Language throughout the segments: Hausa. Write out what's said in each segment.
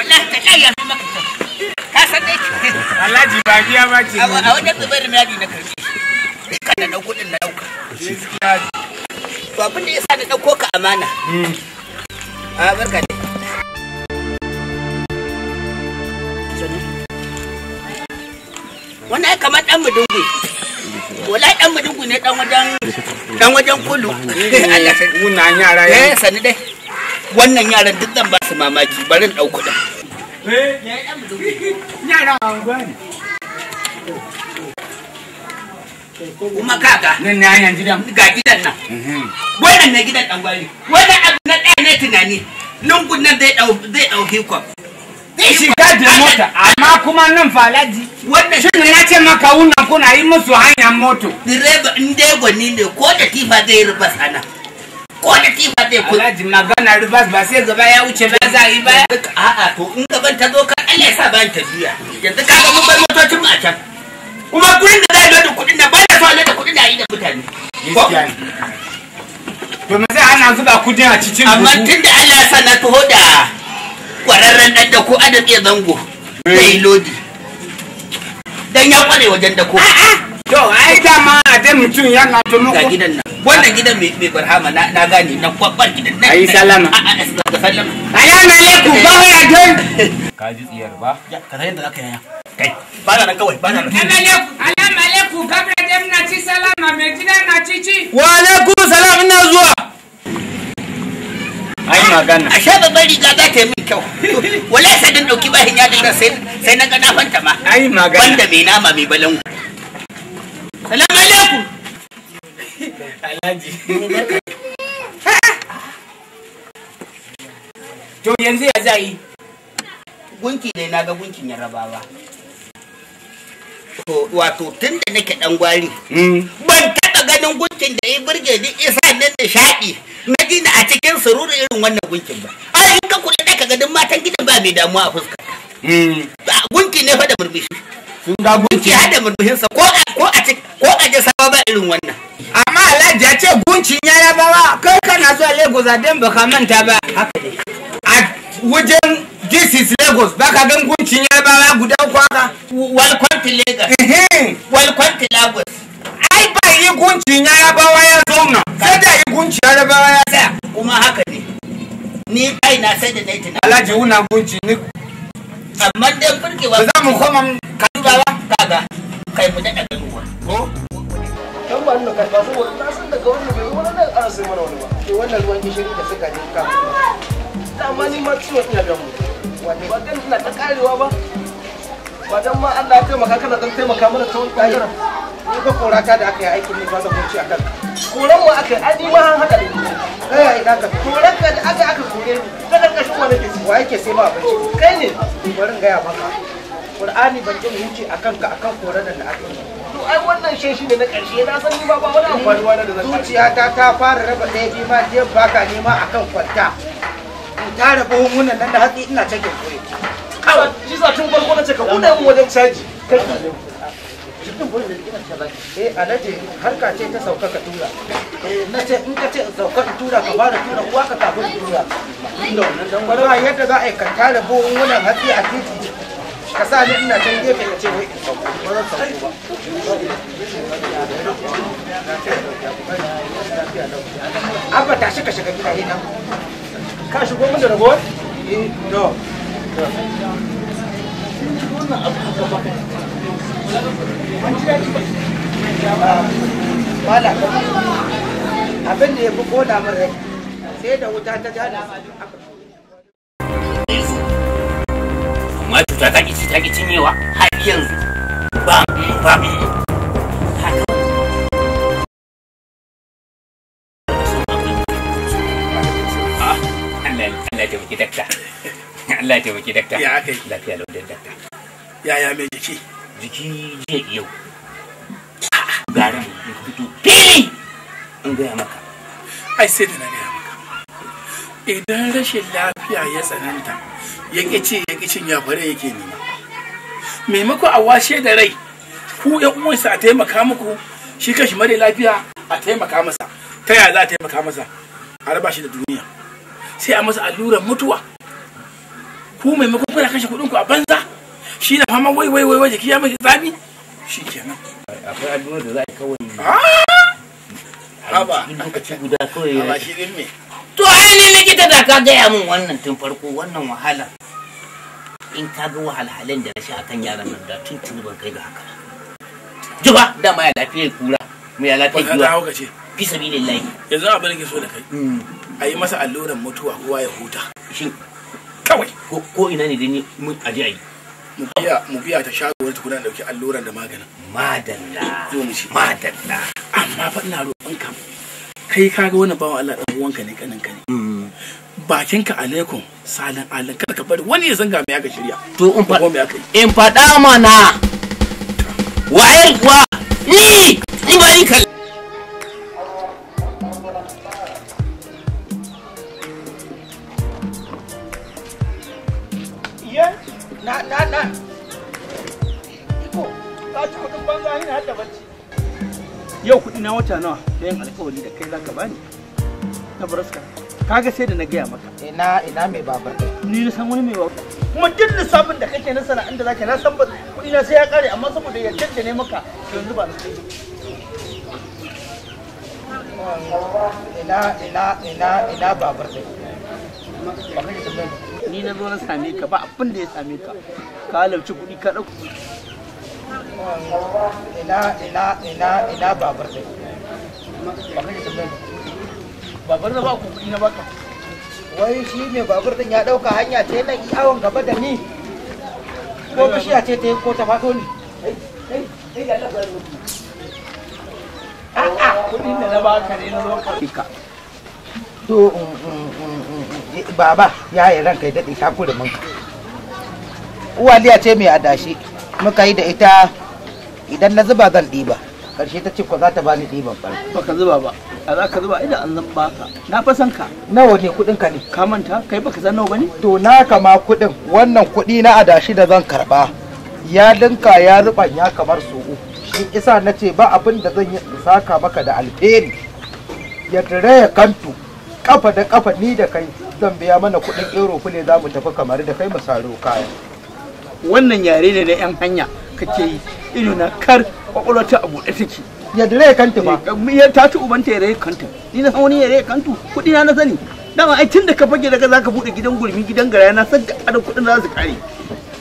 wallahi ta kai ya maka ta ka san dai Alhaji ba biya ba ce a wajen zubar miyadi na karfi ka na dauko din na dauka to abin da yasa na dauko ka amana hmm. a barka da wannan kamar dan mudungu wallahi dan mudungu ne dan wajen dan wajen kulu hmm. Allah sai mun nan yara eh, ya sani dai wannan yaran duk zan ba su mamaki bari in ɗauku ɗan. kuma kaga nan na yan gidan ga gidan nan mhm. wannan na gidan dan gwari wannan abu na ɗaya ne tunani lungun nan zai ɗau zai ɗau hikon zai shiga da mota amma kuma nan falaji wannan shi na ce maka wannan kuna yi musu hanyar moto direba inde gwani ne ko da kifa zai rufa sana ko da tifa zai ku alhaji magana rubas ba sai gaba ya wuce ba za yi baya a'a to in gaban ta zo kan Allah ya sa bayan ta biya yanzu ka ga mun bar motocin mu a can kuma kuɗin da za a da kuɗin da ba da so da kuɗin da yi da mutane to me zai ana zuba kudin a cikin amma tun da Allah ya sa na taho da kwararren ɗan da ko adam iya zango da eh. lodi dan ya kware wajen da ko a'a to ai dama a dai mutum yana tuno ga gidan nan wannan gidan mai barhama na gane na kwabar gidan na Ayi sallama da sallama alamu alaikum ba wa yadon ka ji tsiyar ba ka san yadda zaka yaya kai ba na kawai ba na alamu alaikum kabra dem na ci salama mai gida na ci ci wa alaikum salam ina zuwa ai magana a sha babban riga za ta yi min kyau wala sai dan dauki bahin ya dinga sai na ga na fanta ma ai magana banda mai nama mai balangu salamu alaikum alhaji to yanzu ya za yi gunki dai na ga gunkin to wato tun da nake dan gwari hmm. ban taɓa ganin gunkin da ya burge ni isa nan nishaɗi na ji a cikin sururu irin wannan gunkin ba ai in ka kula da ka ganin matan gidan ba mai damuwa a fuska hmm. gunki ne fa da murmushi sun ga gunki hada murmushinsa ko a ko a ko a ji sawa ba irin wannan a alhaji ya ce guncin yaya ba kai kana zuwa lagos a dan baka manta ba a wajen this is lagos baka gan guncin yaya ba guda uku haka welcome to lagos welcome to lagos ai ba yi guncin yaya ba ya zo na sai da yi guncin yaya ba ya tsaya kuma haka ne ni kai na sai da naiti na alhaji una gunci ni amma dan burgewa za mu koma ka ba kaga kai mu da daga ruwa ko ba ni na karba saboda na san daga wannan bai wani nan ana sai mana wani ba to eh, wannan ruwan gishiri da suka je ka dama ni ma ciwon ina damu wani ba dan ina ta karewa ba ba ma Allah ya taimaka kana dan taimaka mana ta wani kayar ni ka kora ka da aka yi aikin ne ba zan kunci akan koran mu aka yi ma han hada da ni kai ina ka koran ka da aka aka kore ni ta karkashin wani ke wa yake sai ma abinci kai ne bari in gaya maka Qur'ani ban jin huce akan ka akan koran da aka yi to ai wannan shi ne na ƙarshe na san ni ba ba wani amfani wani da zan zuciya ta ta fara raba ɗaya biyu ma je baka nema akan kwanta in ta raba hunhunan nan da hatsi ina cikin kure kawai shi sa tun farko na ce ka buɗe mu wajen caji kai eh alaje harka ce ta sauka ka tura eh, na ce in ka ce sauka ka tura ka fara tura kuwa ka kafin tura ba yadda za a yi ka tare buhun wannan hatsi a titi ka sa ni ina can gefe ya ce wai in sauka ba zan sauka ba tashi ka shiga gida nan ka shigo da ragowar eh to ba ah, ba abin da ya fi kona sai da wuta ta amma cuta ta ƙi ta ƙi cinyewa har yanzu ba ba Allah ya taimaki dakta ya aka yi lafiya laudan dakta ya mai jiki jiki jiya yau garin ya fito fili in gaya maka ai sai da na gaya maka idan rashin lafiya ya tsananta ya kici ya ƙicin ya fara yake nema maimako a washe da rai ku ya uwansa a taimaka muku shi kashi mare lafiya a taimaka masa ta yaya za a taimaka masa a raba shi da duniya sai a masa allurar mutuwa ku maka kuna kashe kuɗin ku a banza shi na fama wai wai wai jiki ya mai zabi shi kenan akwai addu'ar da za a kawai ah! haba lokaci guda kawai ya shi din me to ne likita da ka gaya min wannan tun farko wannan wahala in ka ga wahalhalin da rashi akan yaran nan da tun tun ban kai ga haka juba dama ya lafiya kura mu ya lafiyar kura fi sabilillahi yanzu a da ke so da kai mm. a yi masa alluran mutuwa kowa ya huta kawai ko ina ne dai mun aje ayi mu biya mu biya ta shagowar ta kuna dauki alluran da maganin madalla zo mu shi madalla amma fa ina roƙon ka kai kaga wannan bawan Allah dan uwanka ne kanin ka ne mm. bakinka alaikum salan alan kada ka bari wani ya zanga mai aka shirya to in faɗa mai aka yi in faɗa mana waye kuwa ni ni ba ni kai na na na. Iko, ka ci kudin banza ni har da bacci. Yau kudi na wata nawa da yin alkawari da kai za bani. Na baraska. Kaga sai da na gaya maka. Ina ina mai babar. Ni na san wani mai babar. Kuma duk lissafin da kake na da zaka na san ba kudi na sai ya kare amma saboda yardar da ne maka yanzu ba Ina ina ina ina babar dai. ni na zo na same ka ba abin da ya same ka ka halarci kuɗi ka ɗauka ina ina ina ina babar da babar da ba ku kuɗi na baka wai shi ne babar din ya ɗauka hanya ce na awon gaba da ni ko bishiya ce ta yi ko ta fato ni a'a kuɗin da na baka ne na zo ka so baba ya yi ranka ya daɗe shaku da manka liya ce mai adashi muka yi da ita idan na zuba zan ɗiba karshe ta ce ko za ta bani ɗiban ba baka zuba ba a za ka zuba ina an zan baka na fa san ka nawa ne kuɗin ka ne ka manta kai baka san nawa bane to na kama kuɗin wannan kuɗi na adashi da zan karɓa ya dinka ya ruban ya kamar su shi isa na ce ba abin da zan yi saka maka da alheri ya tare ya kantu kafa da kafa ni da kai zan biya mana kuɗin euro ne za mu tafi kamar da kai mu saro kaya wannan yare ne na yan hanya kake yi ido na kar kwakwalwa ta abu da take ya dire kanta ba eh, ya ta ci ta yare kanta ni na wani yare kanta kuɗi na na sani dama ai tun da ka fage daga zaka bude gidan gurmi gidan gara na san da kuɗin za su kare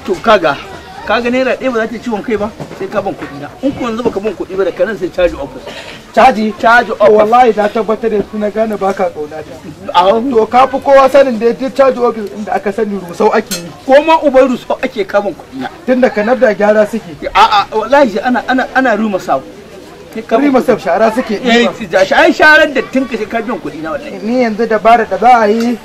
to kaga ka ga naira ɗaya ba za ta ciwon kai ba sai ka ban kuɗi na in kuma yanzu baka ban kuɗi ba da kanan sai caji office caji caji office wallahi na tabbatar da na gane baka kauna ta to ka fi kowa sanin da duk caji office inda aka sani rusau ake yi ko ma uban rusau ake ban kuɗi na tunda kanar da gyara suke a a wallahi ana ana ana ruma sabu kari masa shara suke yi eh, ai sharar da tun ka shi biyan kuɗi na wallahi ni yanzu dabara da za a yi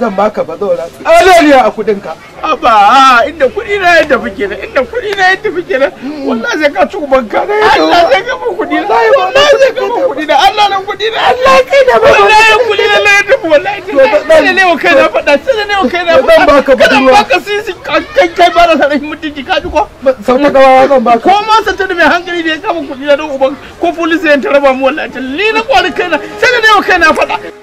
zan baka bazora alaliya a kudin ka aba inda kudi na yadda fike na inda kudi na yadda fike na wallah zai ka cikin banka na yadda Allah zai ka kudi na wallah zai ka kudi na Allah nan kudi na Allah kai da wallah ya kudi na na yadda wallahi sai ne wa kai na fada sai ne wa kai na fada zan baka bazora baka sisi kai kai ba da sanin mutunci ka ji ko sau ta gawa zan baka ko ma sa ta mai hankali da ya kama kudi na don uban ko police ya taraba mu wallahi ni na kwari kaina sai ne wa kai na fada